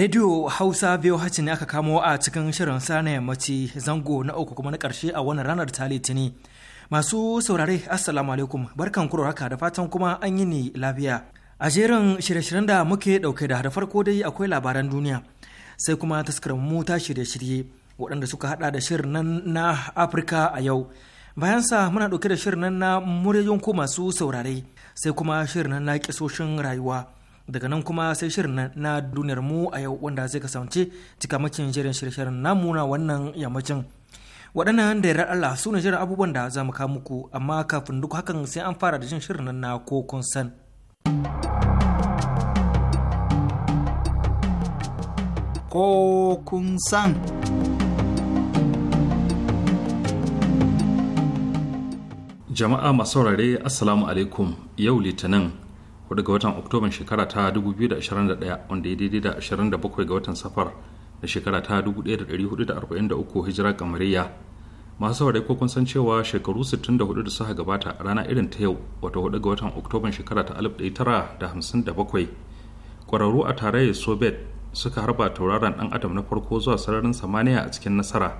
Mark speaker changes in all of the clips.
Speaker 1: Radio Hausa VOH ne aka kamo a cikin shirin sana yammaci zango na uku kuma na karshe a wannan ranar ta litini. Masu saurare Assalamu alaikum barkan kuro haka da fatan kuma an yi ni lafiya. A jerin shirye-shiryen da muke ɗauke da da farko dai akwai labaran duniya sai kuma taskarar mu ta shirye-shirye waɗanda suka hada da shirin nan na Afirka a yau. Bayan sa muna ɗauke da shirin nan na muryoyin ko masu saurare sai kuma shirin nan na kisoshin rayuwa. daga nan kuma sai shirin na duniyar mu a yau wanda zai kasance cikamakin jirin shirin namu na wannan yammacin waɗannan da yarar Allah su ne shirin abubuwan da za mu kawo muku amma kafin duk hakan sai an fara da jin shirin na ko kun san
Speaker 2: ko kun san
Speaker 3: jama'a masu saurare assalamu alaikum yau litinin 4 ga watan oktoba shekara ta 2021 wanda ya daidai da 27 ga watan safar na shekara ta 1443 hijira kamariya masu saurari ko kun san cewa shekaru 64 da suka gabata a rana irin ta yau wata 4 ga watan oktoba shekara ta 1957 kwararru a tarayyar soviet suka harba tauraron dan adam na farko zuwa sararin samaniya a cikin nasara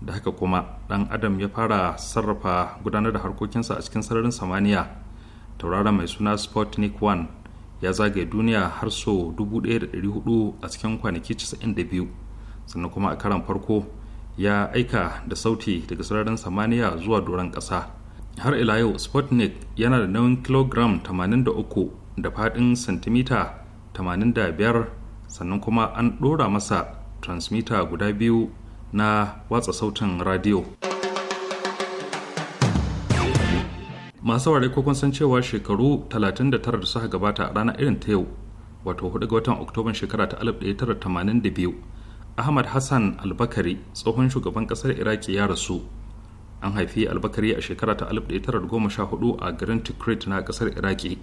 Speaker 3: da haka kuma dan adam ya fara sarrafa gudanar da harkokinsa a cikin sararin samaniya tauraron mai suna sputnik 1 ya zagaye duniya har so 1400 a cikin kwanaki 92 sannan kuma a karan farko ya aika da sauti daga sararin samaniya zuwa doron ƙasa har ila yau sputnik yana da nauyin kilogram 83 da faɗin santimita 85 sannan kuma an ɗora masa transmitter guda biyu na watsa sautin radiyo masu ware ko kun san cewa shekaru 39 da suka gabata a ranar irin ta yau wato 4 ga watan oktoban shekara ta 1982 ahmad hassan albakari tsohon shugaban kasar iraki ya rasu an haifi albakari a shekara ta 1914 a garin tikrit na kasar iraki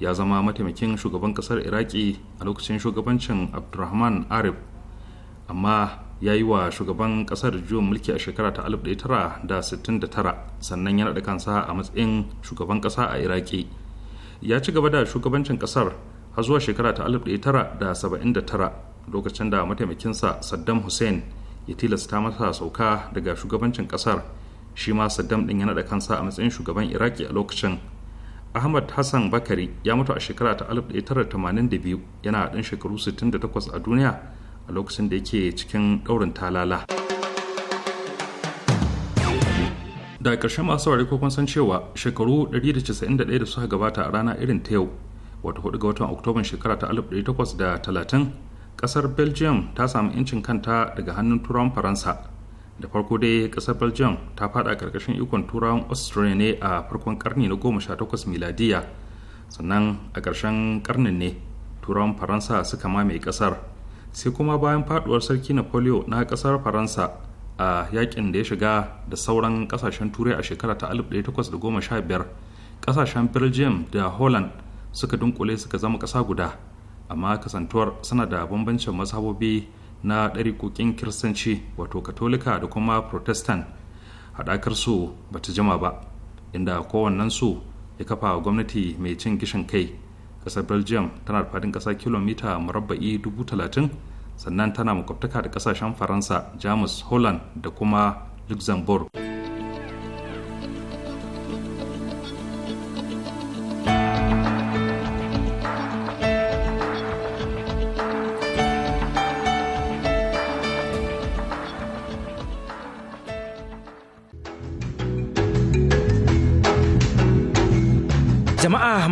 Speaker 3: ya zama mataimakin shugaban kasar iraki a lokacin shugabancin abdulrahman arif amma ya yi wa shugaban kasar juyin mulki a shekara ta 1969 sannan ya naɗa kansa a matsayin shugaban ƙasa a iraki ya ci gaba da shugabancin ƙasar har zuwa shekara ta 1979 lokacin da mataimakinsa saddam hussein ya tilasta masa sauka daga shugabancin ƙasar shi ma saddam ɗin ya naɗa kansa a matsayin shugaban iraki a lokacin ahmad hassan bakari ya mutu a shekara ta 1982 yana ɗan shekaru 68 a duniya a lokacin da yake cikin ɗaurin talala da ƙarshen masu ware kun san cewa shekaru 191 da suka gabata a rana irin ta yau wata hudu ga watan oktoban shekara ta 1830 ƙasar belgium ta samu 'yancin kanta daga hannun turawan faransa da farko dai ƙasar belgium ta fada ƙarƙashin ikon turawan austria ne a farkon ƙarni na 18 miladiya sannan a ƙarshen karnin ne turawan faransa suka mamaye ƙasar. sai kuma bayan faduwar sarki napoleon na kasar faransa a yakin da ya shiga da sauran kasashen turai a shekara ta 1815 kasashen belgium da holland suka dunkule suka zama kasa guda amma kasantuwar suna da bambancin mazhabobi na ɗarikokin kiristanci wato katolika da kuma protestant haɗakar su ba ta jima ba inda kowannensu su ya kafa gwamnati mai cin gishin kai kasar belgium tana da faɗin ƙasa kilomita murabba'i dubu talatin sannan tana makwabtaka da ƙasashen faransa jamus holland da kuma luxembourg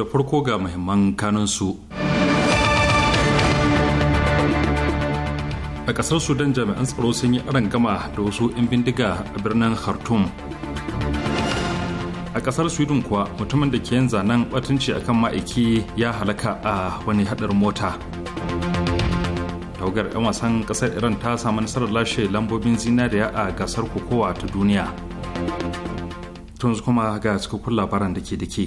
Speaker 3: da farko ga muhimman kanunsu. A ƙasar Sudan jami'an tsaro sun yi gama da wasu 'yan bindiga a birnin Khartoum. A ƙasar Sweden kuwa mutumin da ke yin zanen batunci akan ma'aiki ya halaka a wani haɗar mota. Taugar 'yan wasan ƙasar Iran ta samu nasarar lashe lambobin zinariya a gasar kokowa ta duniya. Tunzu kuma ga cikakkun labaran da ke da ke.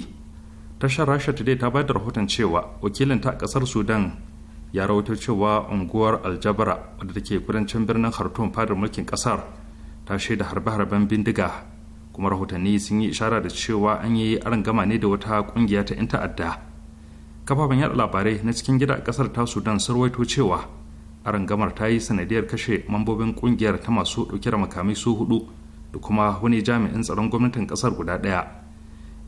Speaker 3: tashar rasha today ta bayar da rahoton cewa wakilinta a kasar sudan ya rawaito cewa unguwar aljabara wadda take kudancin birnin khartoum fadar mulkin kasar ta shaida harbe-harben bindiga kuma rahotanni sun yi ishara da cewa an yi gama ne da wata kungiya ta 'yan ta'adda kafafen yada labarai na cikin gida a kasar ta sudan sun rawaito cewa arangamar ta yi sanadiyar kashe mambobin kungiyar ta masu dauke da makamai su hudu da kuma wani jami'in tsaron gwamnatin kasar guda daya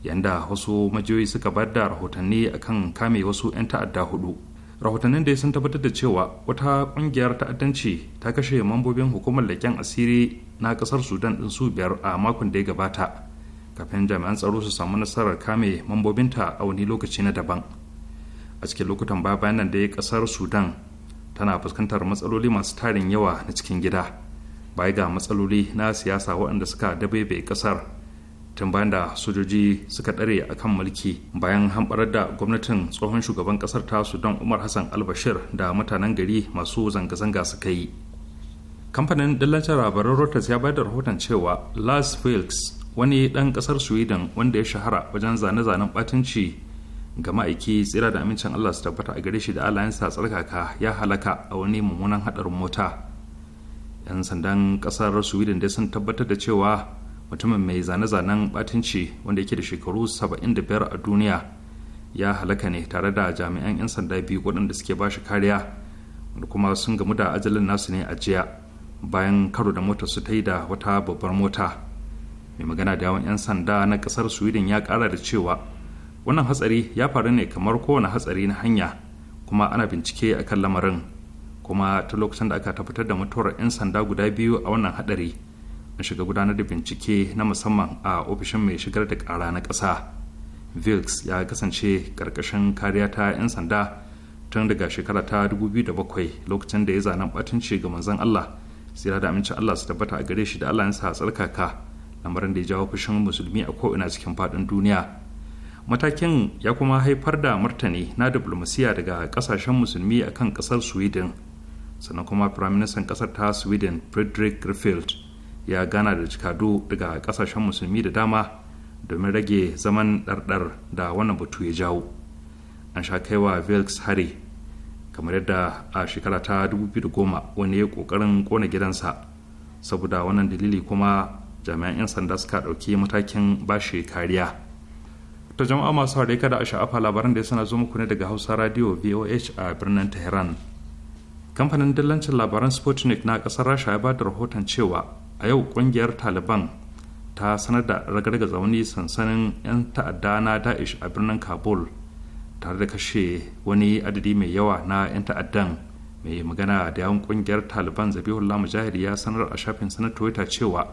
Speaker 3: yanda wasu majiyoyi suka bar da rahotanni akan kame wasu 'yan ta'adda hudu rahotannin dai sun tabbatar da cewa wata kungiyar ta'addanci ta kashe mambobin hukumar leken asiri na kasar sudan din su biyar a makon da ya gabata kafin jami'an tsaro su samu nasarar kame mambobinta a wani lokaci na daban a cikin lokutan baya bayan nan dai kasar sudan tana fuskantar matsaloli masu tarin yawa na cikin gida baya ga matsaloli na siyasa waɗanda suka dabebe kasar tun bayan da sojoji suka ɗare a kan mulki bayan hamɓarar da gwamnatin tsohon shugaban ƙasar ta don umar hassan albashir da mutanen gari masu zanga-zanga suka yi kamfanin dillancin labaran reuters ya bayar da rahoton cewa las vilks wani ɗan ƙasar sweden wanda ya shahara wajen zane-zanen ɓatanci ga ma'aiki tsira da amincin allah su tabbata a gare shi da alayensa tsarkaka ya halaka a wani mummunan haɗarin mota 'yan sandan ƙasar sweden dai sun tabbatar da cewa mutumin mai zane-zanen batinci wanda yake da shekaru 75 a duniya ya halaka ne tare da jami'an 'yan sanda biyu waɗanda suke ba shi kariya wanda kuma sun gamu da ajalin nasu ne a jiya bayan karo da motar su ta yi da wata babbar mota mai magana da yawan 'yan sanda na ƙasar sweden ya ƙara da cewa wannan hatsari ya faru ne kamar kowane hatsari na hanya kuma ana bincike a kan lamarin kuma ta lokacin da aka tabbatar da mutuwar 'yan sanda guda biyu a wannan haɗari shiga gudanar da bincike na musamman a ofishin mai shigar da kara na ƙasa vilks ya kasance ƙarƙashin kariya ta 'yan sanda tun daga shekara ta 2007 lokacin da ya zana ɓatunci ga manzon allah tsira da amincin allah su tabbata a gare shi da allah ya sa tsarkaka lamarin da ya jawo fushin musulmi a ko'ina cikin faɗin duniya matakin ya kuma haifar da martani na diplomasiya daga kasashen musulmi a kan ƙasar sweden sannan kuma firaministan ƙasar ta sweden frederick griffith ya gana da cikadu daga kasashen musulmi da dama domin rage zaman ɗarɗar da wannan batu ya jawo an sha kai wa vilks hari kamar yadda a shekara ta 2010 wani ya ƙoƙarin ƙona gidansa saboda wannan dalili kuma jami'an 'yan sanda suka ɗauki matakin bashi kariya ta jama'a masu haɗe kada a sha'afa labaran da ya sana zo muku ne daga hausa radio voh a birnin tehran kamfanin dillancin labaran sputnik na ƙasar rasha ya ba da rahoton cewa a yau kungiyar taliban ta sanar da ragarga wani sansanin 'yan ta'adda na daesh a birnin kabul tare da kashe wani adadi mai yawa na 'yan ta'addan mai magana da yawan kungiyar taliban zabihullah mujahid ya sanar a shafin sanar twitter cewa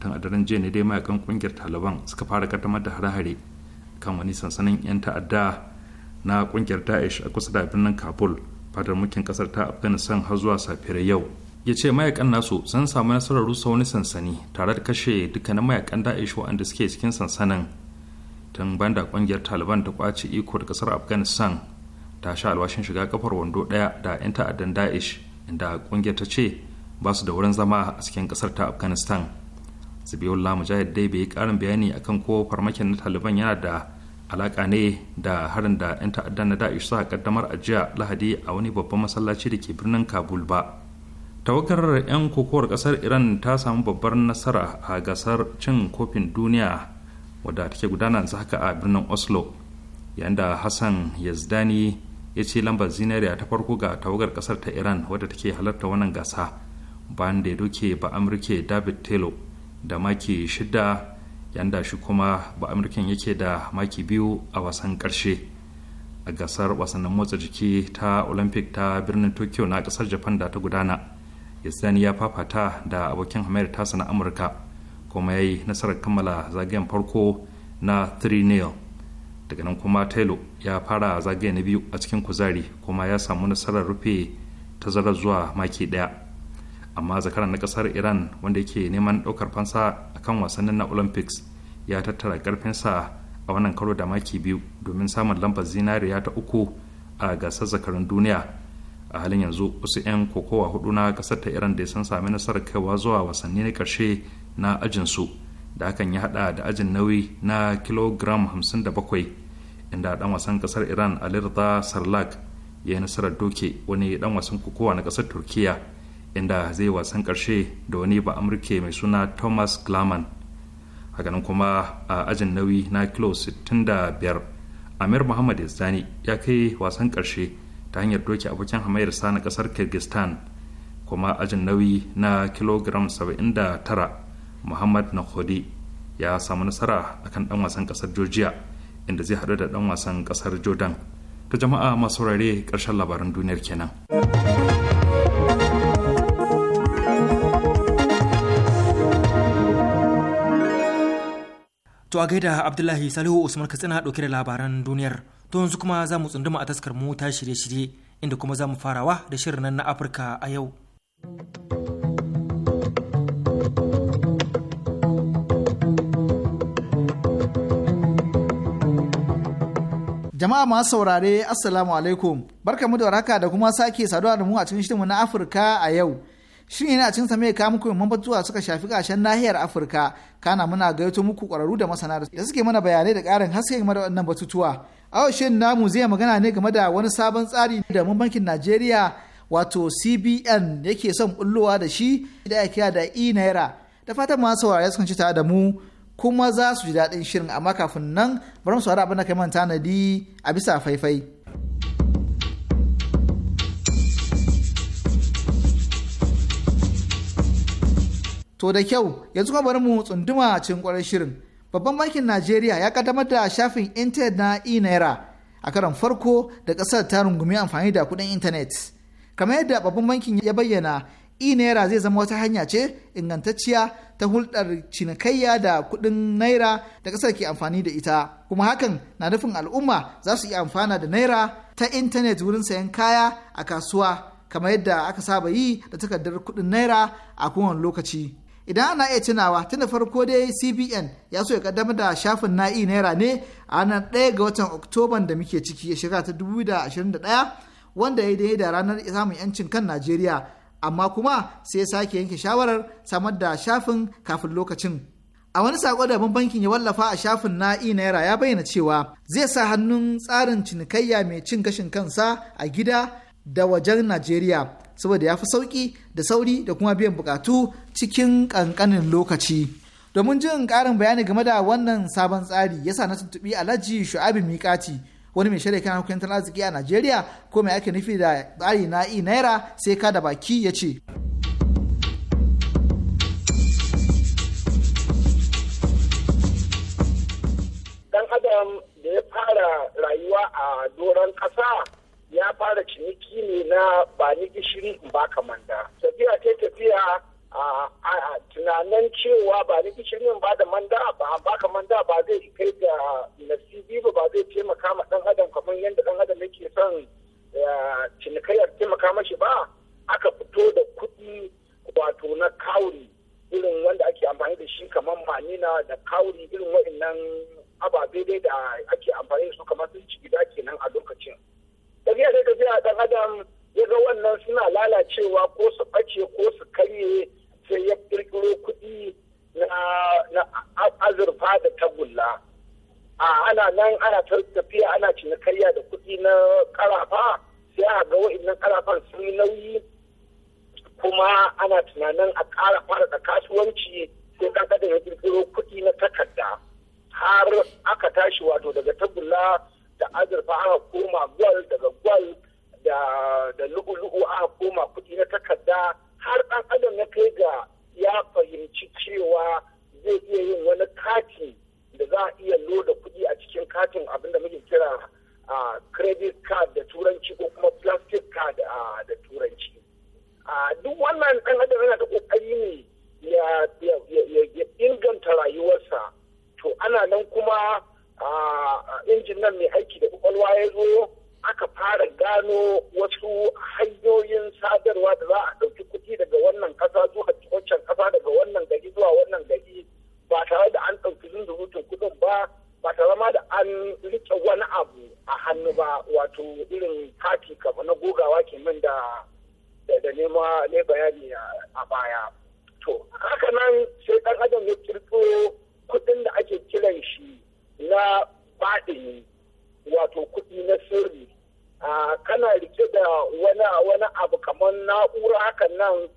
Speaker 3: tun a daren jiya ne dai mayakan kungiyar taliban suka fara kaddamar da hare-hare kan wani sansanin 'yan ta'adda na kungiyar daesh a kusa da birnin kabul fadar mulkin kasar ta afghanistan har zuwa safiyar yau ya ce mayakan nasu sun samu nasarar rusa wani sansani tare da kashe dukkanin mayakan da'ish waɗanda suke cikin sansanin tun da ƙungiyar taliban ta kwace iko da kasar afghanistan ta sha alwashin shiga kafar wando ɗaya da 'yan ta'addan da'ish inda ƙungiyar ta ce ba su da wurin zama a cikin kasar ta afghanistan lamu mujahid dai bai yi karin bayani akan ko farmakin na taliban yana da alaka ne da harin da 'yan ta'addan na da'ish suka kaddamar a jiya lahadi a wani babban masallaci da ke birnin kabul ba tawakar 'yan kokowar kasar iran ta samu babbar nasara a gasar cin kofin duniya wadda take gudana yanzu haka a birnin oslo yayin da hassan yazdani ya ce lambar zinariya ta farko ga tawagar kasar ta iran wadda take halarta wannan gasa bayan da ya doke ba amurke david taylor da maki shida yayin da shi kuma ba amurken yake da maki biyu a wasan karshe a gasar wasannin motsa jiki ta olympic ta birnin tokyo na kasar japan da ta gudana sani ya fafata da abokin hamayar tasa na amurka kuma ya yi nasarar kammala zagayen farko na 3-0 daga nan kuma taylor ya fara zagaye na biyu a cikin kuzari kuma ya samu nasarar rufe ta zarar zuwa maki daya amma zakaran na kasar iran wanda yake neman daukar fansa a kan wasannin na olympics ya tattara karfinsa a wannan karo da maki biyu domin samun lambar zinariya ta uku a gasar zakarun duniya a halin yanzu wasu 'yan kokowa hudu na kasar ta iran da ya san sami nasarar kaiwa zuwa wasanni na karshe na ajinsu da hakan ya hada da ajin nauyi na kilogram 57 inda dan wasan kasar iran alirda sarlak ya yi nasarar doke wani dan wasan kokowa na kasar turkiya inda zai wasan karshe da wani ba amurke mai suna thomas glaman hakanan kuma a ajin nauyi na kilo 65 amir muhammad ya kai wasan karshe ta hanyar doki abokin sa na kasar kyrgyzstan kuma ajin nauyi na kilogram 79 muhammad nakhodi ya samu nasara akan dan wasan kasar georgia inda zai hadu da dan wasan kasar jordan ta jama'a masu rare karshen labaran duniyar kenan
Speaker 1: to a gaida abdullahi salihu usman katsina dauke da labaran duniyar To yanzu kuma za mu tsunduma a taskar mu ta shirye-shirye inda kuma za mu farawa da shirin nan na Afirka a yau.
Speaker 2: Jama'a masu saurare Assalamu alaikum. Barkamu da warhaka da kuma sake saduwa da mu a cikin shirinmu na Afirka a yau. shirin yana cin mai ka muku mun batuwa suka shafi gashen nahiyar Afirka kana muna gayyato muku kwararru da masana da suke mana bayanai da ƙarin haske game da wannan batutuwa. A shirin namu zai magana ne game da wani sabon tsari da mun bankin Najeriya wato CBN yake son bullowa da shi da ake kira da e naira da fatan masu saurare sukan ci tare da mu kuma za su ji daɗin shirin amma kafin nan bari mu saurari abin da kai manta tanadi a bisa faifai. To da kyau yanzu kuma bari mu tsunduma cikin kwarar shirin. Babban bankin Najeriya ya kaddamar da shafin intanet na e-naira a karon farko da ƙasar ta rungumi amfani da kuɗin intanet. Kamar yadda babban bankin ya bayyana e-naira zai zama wata hanya ce ingantacciya ta hulɗar cinikayya da kuɗin naira da ƙasar ke amfani da ita. Kuma hakan na nufin al'umma za su iya amfana da naira ta intanet wurin sayan kaya a kasuwa kamar yadda aka saba yi da takardar kuɗin naira a kowane lokaci. idan ana iya tunawa tun da farko dai cbn ya so ya kaddamar da shafin na'i e naira ne a ranar ɗaya ga watan oktoban da muke ciki ya shiga ta 2021 wanda ya yi da ranar samun yancin kan najeriya amma kuma sai ya sake yanke shawarar samar da shafin kafin lokacin a wani sako da bankin ya wallafa a shafin na'i e naira ya bayyana cewa zai sa hannun tsarin cinikayya mai cin gashin kansa a gida da wajen najeriya saboda ya fi sauƙi da sauri da kuma biyan bukatu cikin ƙanƙanin lokaci. Domin jin ƙarin bayani game da wannan sabon tsari yasa na tuntuɓi Alhaji Shu'abi Mikati wani mai shirya kan hukuntar arziki a Najeriya ko mai ake nufi da tsari na i naira sai ka da baki ya ce.
Speaker 4: Ɗan adam da ya fara rayuwa a doron ƙasa ya fara ciniki ne na ba ni gishiri in ba manda tafiya ta tafiya a tunanin cewa ba ni gishirin ba da manda ba baka manda ba zai kai da nasibi ba ba zai taimaka ma dan adam kamar yadda dan adam yake son cinikayyar taimaka mashi ba aka fito da kuɗi wato na kawuri irin wanda ake amfani da shi kamar manina da kawuri irin wa'annan ababe dai da ake amfani da su kamar sun ciki da kenan a lokacin tafiya sai tafiya a adam ya ga wannan suna lalacewa ko su ɓace ko su karye sai ya ƙirƙiro kuɗi na azurfa da tagulla a ana nan ana tafiya ana cinikayya da kuɗi na ƙarafa sai a ga wa'innan ƙarafan sun yi nauyi kuma ana tunanin a ƙara da kasuwanci sai ɗan ya ƙirƙiro kuɗi na takarda har aka tashi wato daga tagulla da azurfa aka koma gwal daga gwal da lu'u-lu'u aka koma kuɗi na takarda har ɗan adam ya kai ga ya fahimci cewa zai iya yin wani kati da za a iya loda kuɗi a cikin katin abin da muke kira a credit card da turanci ko kuma plastic card da turanci duk wannan ɗan adam yana da ƙoƙari ne ya inganta rayuwarsa to ana nan kuma injin nan mai aiki da kwakwalwa ya zo aka fara gano wasu hanyoyin sadarwa da za a ɗauki kuɗi daga wannan ƙasa zuwa wancan ƙasa daga wannan gari zuwa wannan gari ba tare da an ɗauki zunzurutun kuɗin ba ba tare ma da an riƙe wani abu a hannu ba wato irin kati kama. na gogawa min da da nema ne bayani a baya to haka nan sai ɗan adam ya kirkiro kuɗin da ake kiran shi na baɗini wato kuɗi na sirri kana rike da wani abu kamar na'ura hakan nan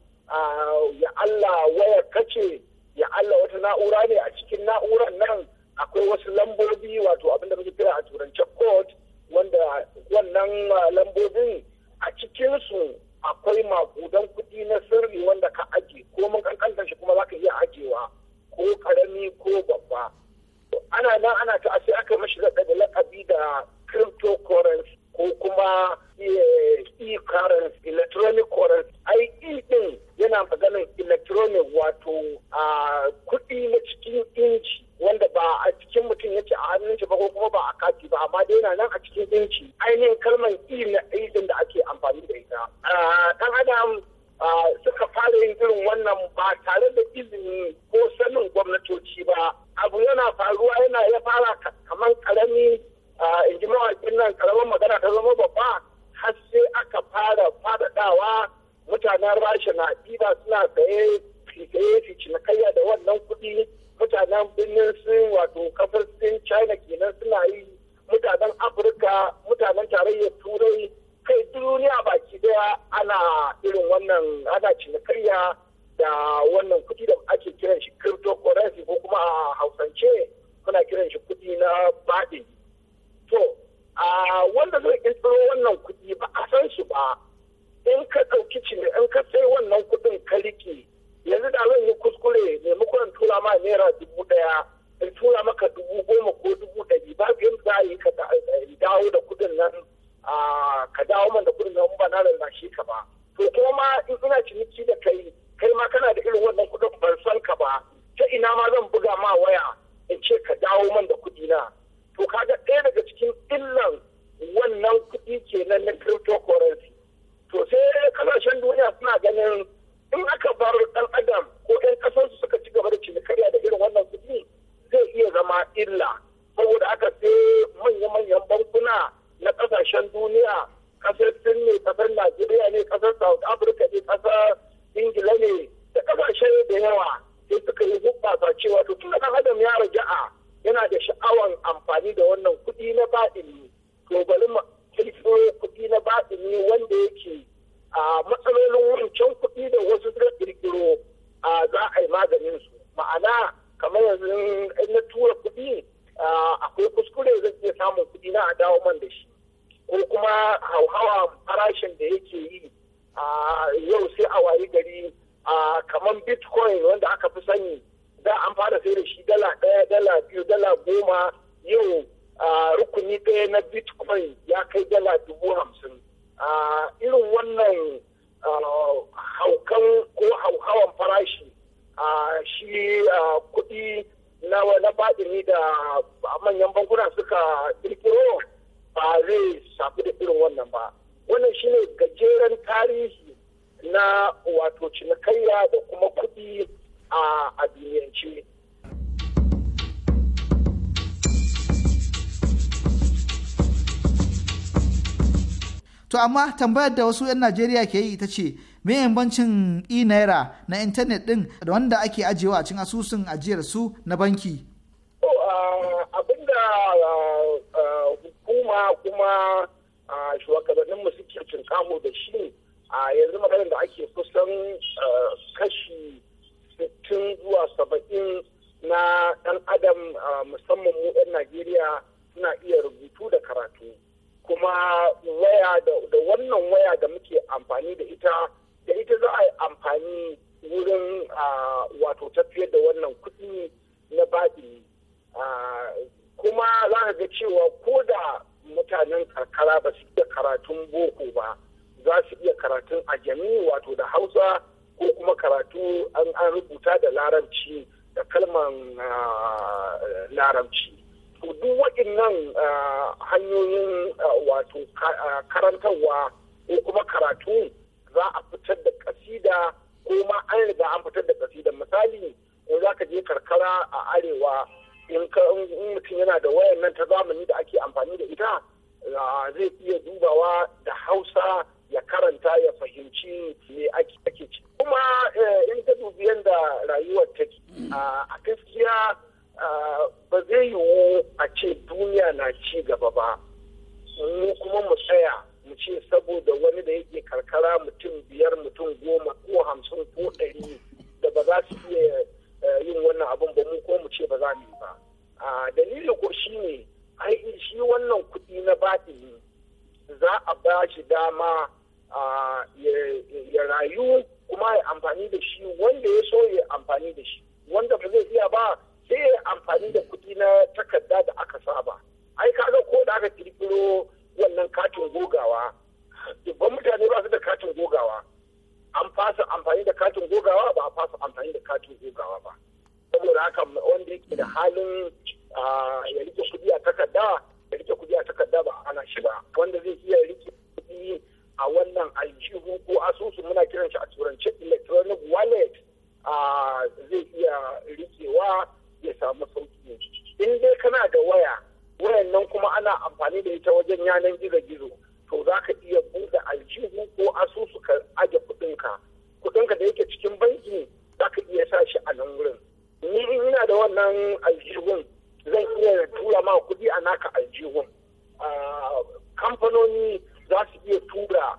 Speaker 4: ya Allah waya kace ya Allah wata na'ura ne a cikin na'urar nan akwai wasu lambobi wato abinda muke kira a turance code wanda wannan lambobin a cikinsu akwai makudan kuɗi na sirri wanda ka aje ko mun kankanta shi kuma zaka iya ajiyewa ko karami ko babba ana nan ana ta sai aka mashi da lakabi da cryptocurrency ko kuma eh, e-currency electronic currency ai e din yana maganin electronic wato a kuɗi na cikin inci wanda ba a cikin mutum yake a hannun shi ba ko kuma ba a kati ba amma dai yana nan a cikin inci ainihin kalmar e na e din amma yanzu in na tura kuɗi akwai kuskure zan iya samun kuɗi na a dawo man da shi ko kuma hauhawa farashin da yake yi a yau sai a wayi gari a kamar bitcoin wanda aka fi sani da an fara sai da shi dala ɗaya dala biyu dala goma yau rukuni ɗaya na bitcoin ya kai dala dubu hamsin irin wannan haukan ko hauhawan farashi a shi kuɗi na baɗini da manyan bankuna suka kirkiro ba zai safi da irin wannan ba wannan shi ne gajeren tarihi na wato cinikayya da kuma kuɗi a duniyance. To
Speaker 2: amma tambayar da wasu 'yan Najeriya ke yi ita ce Miyan bancin e-naira na intanet ɗin da wanda ake ajiyewa a cikin asusun ajiyar su na banki.
Speaker 4: Abinda hukuma kuma shugabanninmu suke cinkamo da shi yanzu maganin da ake kusan kashi 60 zuwa 70 na ɗan adam musamman mu 'yan Najeriya suna iya rubutu da karatu. Kuma waya da wannan waya da muke amfani da ita da ita za a yi amfani wurin wato tafiyar da wannan kuɗi na baɗi kuma za ka ga cewa ko da mutanen karkara ba su iya karatun boko ba za su iya karatun ajami wato da hausa ko kuma karatu an rubuta da laranci da kalman laranci to duk waɗannan hanyoyin wato karantarwa ko kuma karatu za a fitar da kasida ko ma an riga an fitar da kasida misali in za ka je karkara a arewa in mutum yana da wayannan nan ta zamani da ake amfani da ita zai iya dubawa da hausa ya karanta ya fahimci me ake ci kuma eh, in ta dubi yadda rayuwar take a gaskiya ba zai yiwu a ce duniya na ci gaba ba mu kuma mu tsaya mu ce saboda wani da yake karkara mutum biyar mutum goma ko hamsin ko ɗari da ba za su iya eh, yin wannan abin ba mu ko mu ce ba za mu yi ba dalilin ko shi ne shi wannan kuɗi na batini za a ba shi dama ya rayu kuma ya amfani da shi wanda ya so ya amfani da shi wanda ba zai iya ba sai ya amfani da kuɗi na takarda da aka saba ai kaga ko da aka kirkiro wannan katin gogawa dubban mutane ba su da katin gogawa an fasa amfani da katin gogawa ba a fasa amfani da katin gogawa ba saboda haka wanda yake da halin ya rike kudi a takarda ya rike kudi a takarda ba ana shi ba wanda zai iya rike kudi a wannan aljihu ko asusu muna kiran shi a turance electronic wallet zai iya rikewa ya samu sauki in dai kana da waya wayannan kuma ana amfani da ita wajen yanar gizo-gizo to za ka iya buɗe aljihu ko asusu ka aje kuɗinka kuɗinka da yake cikin banki za ka iya sa shi a nan wurin ni ina da wannan aljihun zan iya tura ma kuɗi a naka aljihun kamfanoni za su iya tura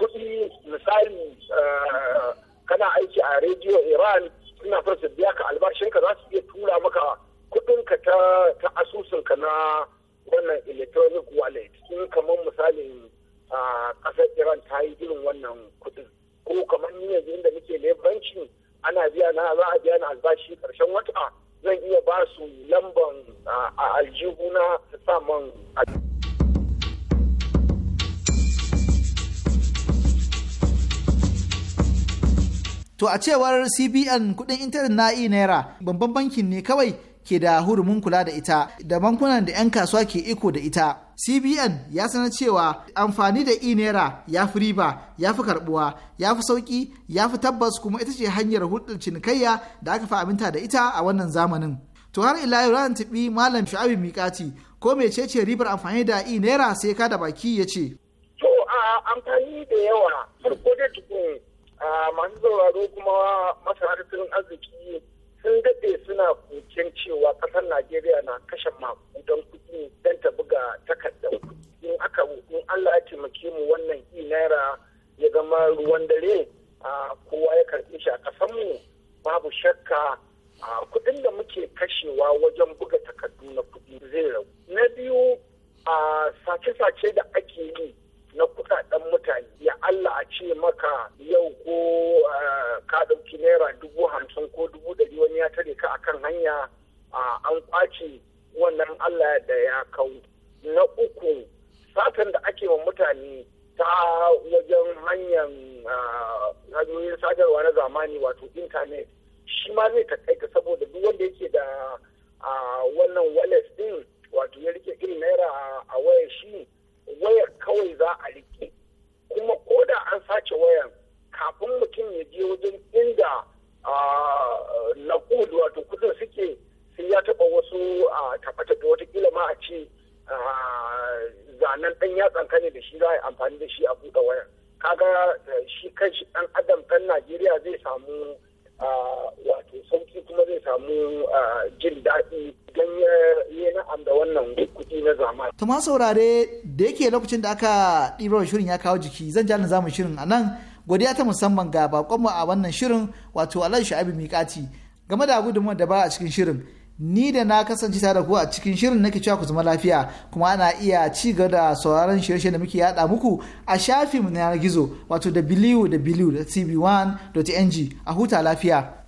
Speaker 4: kuɗi misali kana aiki a rediyo iran suna fara biya ka albashinka za su iya ka na wannan electronic wallet in kamar misalin a ƙasar iran ta yi irin wannan kuɗin ko kamar ni yanzu inda nake banki ana biya na za a biya na albashi ƙarshen wata zan iya ba su lamban a aljihu na su sa man
Speaker 2: To a cewar CBN kuɗin intanet na naira babban bankin ne kawai ke da hurumin kula da ita da bankunan da 'yan kasuwa ke iko da ita. CBN ya sanar cewa amfani da inera naira ya fi riba, ya fi karbuwa, ya fi sauki, ya fi tabbas kuma ita ce hanyar hulɗar cinikayya da aka fi aminta da ita a wannan zamanin. To har ila yau ran tabi Malam Shu'abi Mikati ko ce ribar amfani da inera sai ka da baki ya ce.
Speaker 4: To a amfani da yawa farko da tukun masu zauraro kuma masana arziki sun dade suna kuken cewa ƙasar najeriya na kashe makudan kuɗi don ta buga takardar kuɗi in aka in allah ya taimake mu wannan i naira ya zama ruwan dare a kowa ya karɓi shi a kasanmu babu shakka a kuɗin da muke kashewa wajen buga takardu na kuɗi zai rau na biyu a sace-sace da ake yi na kudaden mutane ya Allah a ce maka yau ko ka ɗauki naira dubu hamsin ko dubu ɗari wani ya tare ka akan hanya an kwace wannan Allah da ya kau na uku satan da ake wa mutane ta wajen hanyar hanyoyin sadarwa na zamani wato intanet shi ma zai takaita saboda duk wanda yake da wannan wallet din wato ya rike irin naira a wayar shi wayar kawai za a riƙe kuma ko da an sace wayar kafin mutum ya je wajen inda na wato kudin suke sai ya taɓa wasu a taɓa-taɓa watakila ma a ce zanen ɗan yatsan kane da shi za a yi amfani da shi a buɗe wayar kaga eh, shi kan shi ɗan adam ɗan najeriya zai samu wato sauki kuma zai samu jin daɗi don ya na'am da wannan kuɗi na zamani.
Speaker 2: Tuma saurare da yake lokacin da aka ɗibar shirin ya kawo jiki zan ja zamu shirin a nan godiya ta musamman ga bakonmu a wannan shirin wato alhaji sha'abi miƙati game da gudunmuwar da ba a cikin shirin ni da na kasance tare da ku a cikin shirin nake cewa ku zama lafiya kuma ana iya ci gaba da sauraron shirye da muke yada muku a shafinmu na gizo wato www.tv1.ng a huta lafiya.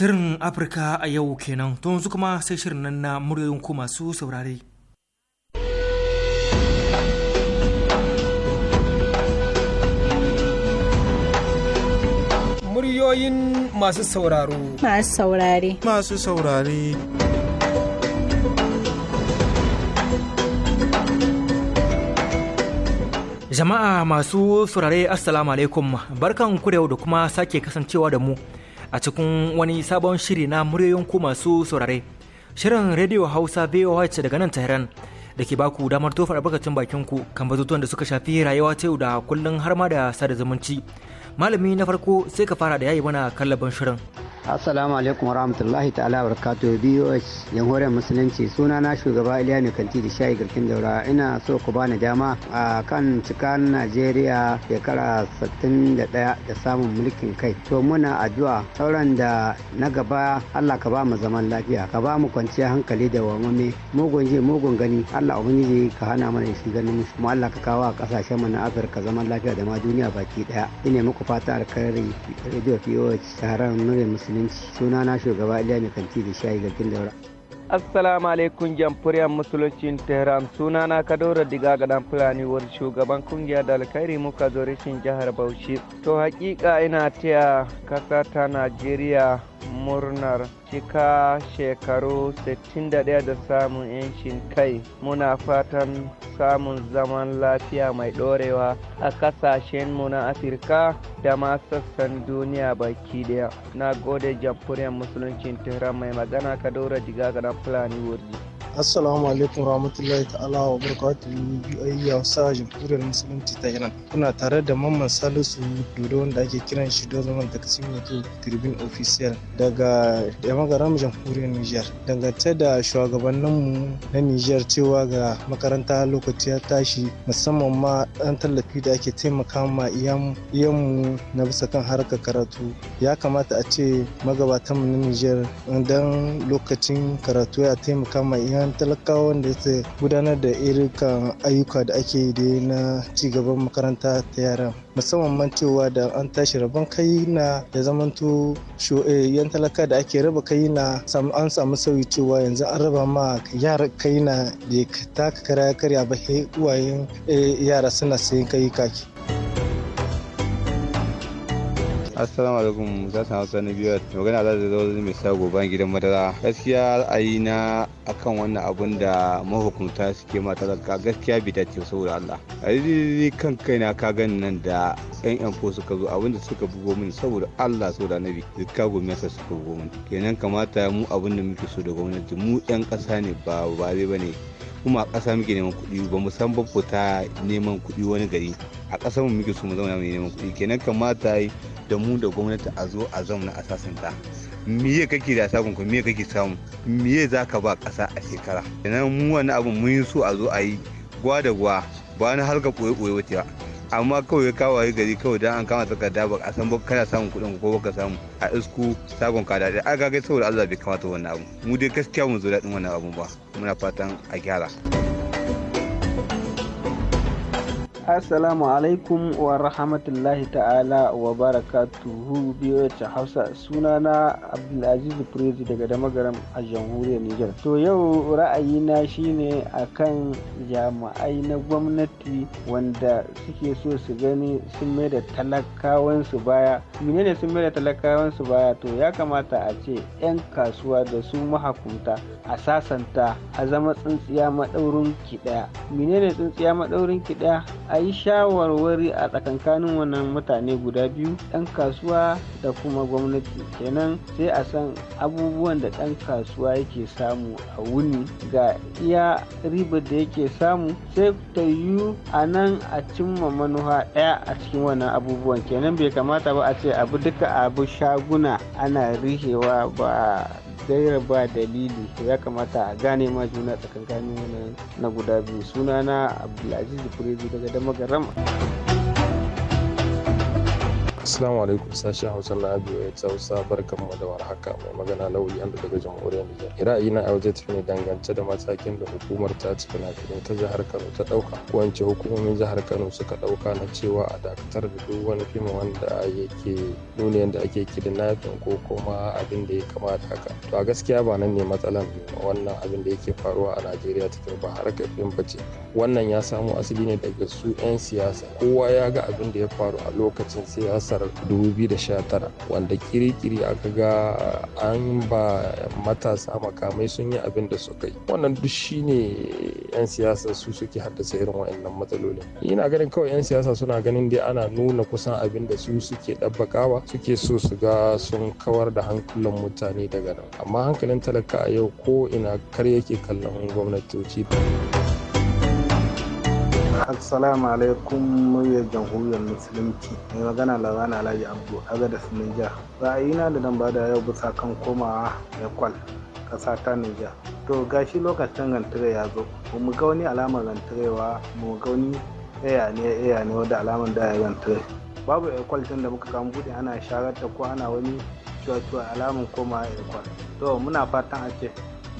Speaker 1: Shirin Afirka a yau kenan to yanzu kuma sai shirin nan na muryoyin ku masu saurare. Muryoyin masu sauraro.
Speaker 5: Masu saurare. Masu saurare.
Speaker 1: Jama'a masu saurare Assalamu alaikum barkan ku da kuma sake kasancewa da mu. a cikin wani sabon shiri na muryoyin ku masu saurare. Shirin rediyo Hausa VOH daga nan Tehran da ke baku damar tofa albarkacin bakin ku kan batutuwan da suka shafi rayuwa ta yau da kullun har ma da sada zumunci. Malami na farko sai ka fara da yayi mana kallaban shirin.
Speaker 6: assalamu alaikum wa rahmatullahi ta'ala wa barakatu boh jamhuriyar musulunci suna na shugaba iliya mai kanti da shayi garkin daura ina so ku bani dama a kan cikan najeriya shekara 61 da samun mulkin kai to muna addu'a sauran da na gaba allah ka ba mu zaman lafiya ka ba mu kwanciya hankali da wamame mugun ji mugun gani allah ubangiji ka hana mana shi ganin mu allah ka kawo a kasashen mu na afirka zaman lafiya da ma duniya baki daya ina muku fata alkhairi radio boh taron nuri musulunci musulunci sunana shugaba iliya mai kanti da shayi garkin daura assalamu alaikum jamhuriyar musuluncin tehran suna na kadora diga gadan fulani wani shugaban kungiyar da alkhairi muka zo rashin jihar bauchi to hakika ina taya kasa ta najeriya murnar cika shekaru 61 da samun 'yancin kai muna fatan samun zaman lafiya mai ɗorewa a ƙasashenmu na afirka da ma sassan duniya baki daya na gode jamhuriyar musuluncin tehran mai magana kadora diga ga fulani
Speaker 7: wurji assalamu alaikum rahmatullahi ta'ala wa barakatuhu biyu hausa jamhuriyar musulunci ta iran kuna tare da mamman salisu dodo wanda ake kiran shi don zaman takasim yato tribune official daga yamagaram jamhuriyar niger dangance da shugabanninmu na niger cewa ga makaranta lokaci ya tashi musamman ma dan tallafi da ake taimaka ma mu na bisa kan harkar karatu ya kamata a ce mu na niger dan lokacin karatu ya taimaka ma iyam ɗawainiyan talakawa da ta gudanar da irukan ayyuka da ake yi dai na cigaban makaranta ta yara musamman man cewa da an tashi rabon kai na ya zamanto eh, yan talaka da ake raba kai na an samu sauyi cewa yanzu an raba ma yara kai na da ta kara karya ba uwayen eh, yara suna sayan kai kaki
Speaker 8: assalamu alaikum sassan hausa na biyar magana za ta zaune mai sa goban gidan madara gaskiya ra'ayi na akan wannan abun da mahukunta suke ma zarka gaskiya bi ta ce saboda Allah a yi kan kaina ka gani nan da yan yan ko suka zo abinda suka bugo min saboda Allah saboda nabi zikka gomi yasa suka bugo min kenan kamata mu abin muke so da gwamnati mu yan kasa ne ba ba ne kuma a ƙasa muke neman kuɗi ba mu san ba fita neman kuɗi wani gari a ƙasar mu muke so mu zauna mai neman kuɗi kenan kamata da mu da gwamnati a zo a zauna a sasanta miye kake da sakon ku miye kake samu miye za ka ba ƙasa a shekara kenan mu wani abu mun so a zo a yi gwa da gwa ba na harka ɓoye-ɓoye wata amma kawai kawaye gari kawai don an kama takarda ba a san ba kana samun kuɗin ko baka samu a isku sabon kada da aka gaisa saboda Allah bai kamata wannan abu mu dai gaskiya mu zo daɗin wannan abu ba muna fatan a gyara.
Speaker 6: Assalamu alaikum wa rahmatullahi ta'ala wa barakatuhu biyo ta Hausa sunana Abdulaziz Prezi daga Damagaram a jamhuriyar Nijar. To yau ra'ayina shine kan jami'ai na gwamnati wanda suke so su gani sun mai da talakawansu baya. ne sun mai da talakawansu baya to ya kamata a ce 'yan kasuwa da su mahakunta a sasanta a zama tsintsiya maɗaurin ki ɗaya. ne tsintsiya maɗaurin ki ɗaya? yi shawarwari a tsakankanin wannan mutane guda biyu ɗan kasuwa da kuma gwamnati kenan sai a san abubuwan da ɗan kasuwa yake samu a wuni ga iya ribar da yake samu sai ta yi a nan a cimma manuha ɗaya a cikin wannan abubuwan kenan bai kamata ba a ce abu duka abu shaguna ana rihewa ba gaira ba dalili ya kamata a gane ma juna tsakankanin wannan na guda biyu sunana abdulaziz furezi daga damagaram
Speaker 3: Assalamu alaikum sashen Hausa na Abuja Hausa mu da warhaka mai magana lauyi an daga Jamhuriyar Nijar. Ra'ayina a waje ne dangance da matakin da hukumar ta ci na finai ta jihar Kano ta ɗauka. Ko hukumomin jihar Kano suka ɗauka na cewa a dakatar da duk wani fim wanda yake nuna yadda ake kidnapping ko kuma abin da ya kamata haka. To a gaskiya ba nan ne matsalan wannan abin da yake faruwa a Najeriya ta ba harkar fim ba ce. Wannan ya samo asali ne daga su 'yan siyasa. Kowa ya ga abin da ya faru a lokacin siyasar
Speaker 5: 2019 wanda
Speaker 3: kirikiri aka ga an ba matasa makamai sun yi abin da suka yi wannan duk ne 'yan siyasa su suke haddasa irin wa'annan matsalolin ina ganin kawai 'yan siyasa suna ganin dai ana nuna kusan abin da su suke ɗabbakawa suke so su ga sun kawar da hankulan mutane daga nan amma hankalin talaka a yau ko ina kar yake
Speaker 5: kallon gwamnatoci
Speaker 8: assalamu alaikum muryar jamhuriyar musulunci mai magana labana alhaji abdu su niger ra'ayina da dan bada yau bisa kan komawa nepal ƙasa ta niger to gashi lokacin rantare ya zo ba mu ga wani alamar rantarewa mu ga wani eya ne eya ne wadda alamar da ya rantare babu nepal tun da muka kama buɗe ana sharar ta ko ana wani cuwa-cuwa alamar komawa ekwal to muna fatan a ce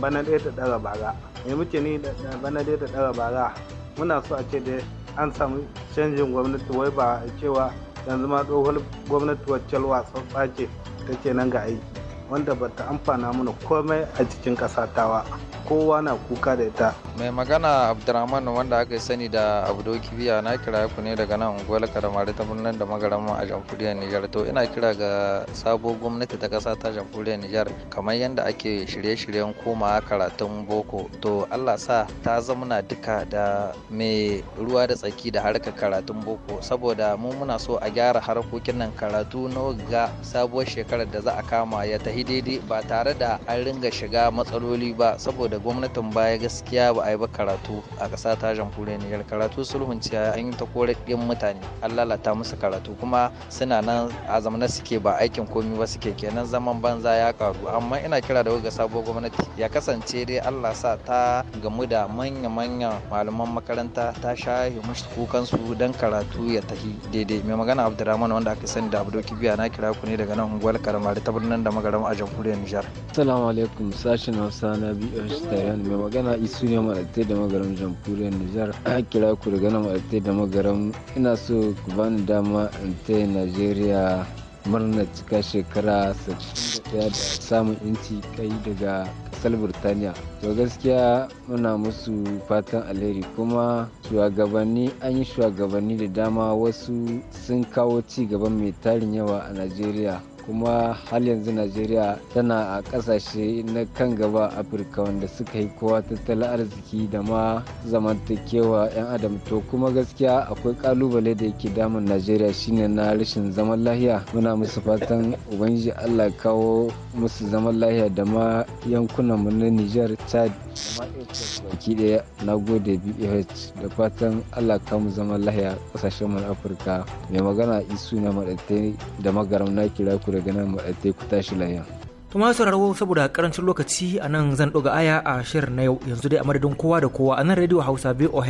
Speaker 8: bana ɗaya ta ɗara bara me muke ni bana ɗaya ta ɗara bara muna so a ce da an samu canjin gwamnati wai ba cewa yanzu ma tsohon gwamnati wacce wasan ce take nan ga aiki wanda ba ta amfana mana komai a cikin ƙasa tawa kowa na kuka da ita
Speaker 9: mai magana abdurrahman wanda aka sani da abdo kibiya na kira ku ne daga nan unguwar karamare ta birnin da magaramin a jamhuriyar nijar to ina kira ga sabo gwamnati ta kasa ta jamhuriyar nijar kamar yadda ake shirye-shiryen koma karatun boko to allah sa ta zamana duka da mai ruwa da tsaki da harkar karatun boko saboda mu muna so a gyara harkokin nan karatu na ga sabuwar shekarar da za a kama ya tahi yi daidai ba tare da an ringa shiga matsaloli ba saboda gwamnatin baya gaskiya ba a yi ba karatu a ƙasa ta jamhuriyar niger karatu sulhun ciya an yi ta korafin mutane an lalata musu karatu kuma suna nan a zamana suke ba aikin komi ba suke kenan zaman banza ya karu amma ina kira da ga sabuwar gwamnati ya kasance dai allah sa ta gamu da manya-manyan malaman makaranta ta shahi musu kukansu don karatu ya tafi daidai mai magana abdurrahman wanda aka sani da abdoki biya na kira ku ne daga nan unguwar karamari ta birnin da magarama a jamhuriyar Nijar.
Speaker 5: Assalamu alaikum sashen Hausa na BH Tehran mai magana isu ne maɗaɗe da magaran jamhuriyar Nijar. A kira ku daga nan maɗaɗe da magaran ina so ku bani dama in ta Najeriya murnar cika shekara 61 da samun inci kai daga kasar burtaniya to gaskiya muna musu fatan alheri kuma shugabanni an yi shugabanni da dama wasu sun kawo ci gaba mai tarin yawa a najeriya kuma har yanzu najeriya tana a kasashe na kan gaba afirka wanda suka yi kowa tattalin arziki da ma zamantakewa 'yan adam to kuma gaskiya akwai kalubale da yake damun najeriya shine na rashin zaman lahiya muna musu fatan ubangiji allah kawo musu zaman lahiya da ma yankunanmu na niger chad
Speaker 10: da
Speaker 5: daya na gode beh da fatan allah kamu zaman lahiya kasashen mu afirka mai magana isu na maɗatai da magaram na kira ku daga nan maɗatai ku tashi lahiya
Speaker 1: To ma sauraro saboda karancin lokaci a nan zan ɗoga aya a shirin na yau yanzu dai a madadin kowa da kowa a nan radio Hausa boh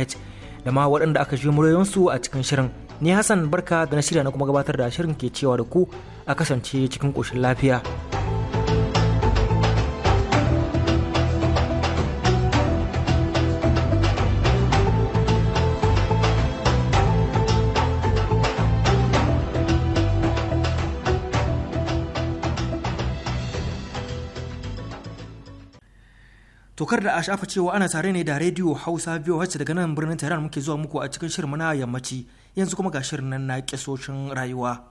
Speaker 1: da ma waɗanda aka shi muryoyinsu a cikin shirin. Ni Hassan Barka da na shirya na kuma gabatar da shirin ke cewa da ku a kasance cikin ƙoshin lafiya. tokar da a shafa cewa ana tare ne da rediyo hausa biyu wacce daga nan birnin tehran muke zuwa muku a cikin shirin na yammaci yanzu kuma ga shirin nan na kisoshin rayuwa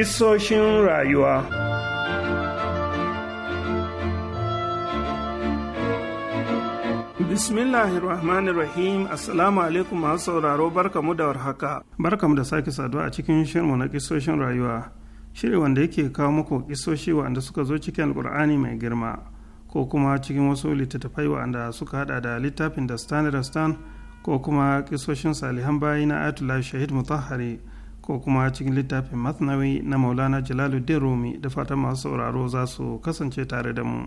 Speaker 11: Isoshin rayuwa Bismillahirrahmanirrahim Assalamu alaikum masu sauraro barkamu da warhaka. Barkamu da sake saduwa a cikin shirinmu na kisoshin rayuwa. shirin wanda yake kawo muku kisoshi wanda suka zo cikin Alkur'ani mai girma ko kuma cikin wasu littattafai wanda suka hada da littafin da Stan Stan ko kuma kisoshin salihan bayi na ayatollah Shahid Mutahhari ko kuma cikin littafin Masnawi na Maulana Jalaluddin Rumi da fatan masu sauraro za su kasance tare da mu.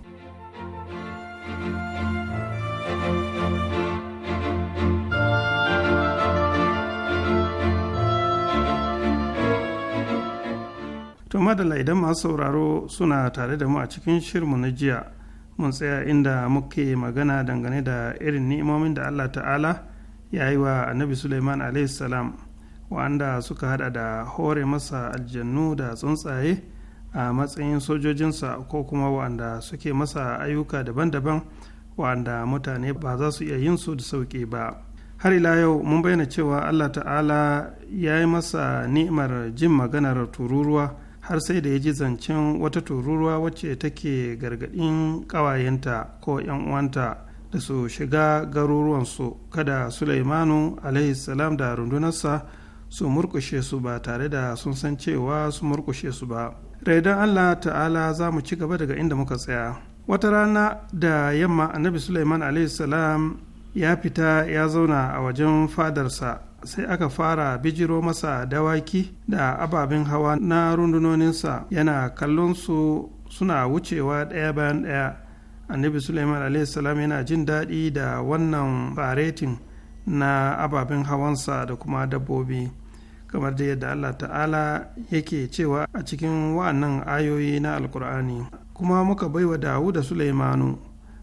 Speaker 11: to madalla idan masu sauraro suna tare da mu a cikin shirmu na jiya mun tsaya inda muke magana dangane da irin ni'imomin da allah ta'ala ya yi wa annabi suleiman salam wanda suka hada da hore masa aljannu da tsuntsaye a matsayin sojojinsa ko kuma wanda suke masa ayyuka daban-daban wanda mutane ba za su iya yin su da sauƙi ba har ila yau mun bayyana cewa allah ta'ala ya yi masa ni'imar jin maganar tururuwa har sai da ya ji zancen wata tururuwa wacce take gargaɗin ƙawayenta ko 'yan uwanta da su shiga garuruwansu kada sulaimanu salam da rundunarsa su murkushe su ba tare da sun san cewa su murkushe su ba raidan allah ta'ala za mu ci gaba daga inda muka tsaya wata rana da yamma annabi suleiman salam ya fita ya zauna a wajen fadarsa sai aka fara bijiro masa dawaki da ababen hawa na rundunoninsa yana kallon su suna wucewa ɗaya bayan ɗaya annabi suleiman salam yana jin daɗi da wannan faretin na ababen hawansa da kuma dabbobi kamar da yadda allah ta'ala yake cewa a cikin wa'annan ayoyi na alkur'ani kuma muka baiwa dawu da suleimanu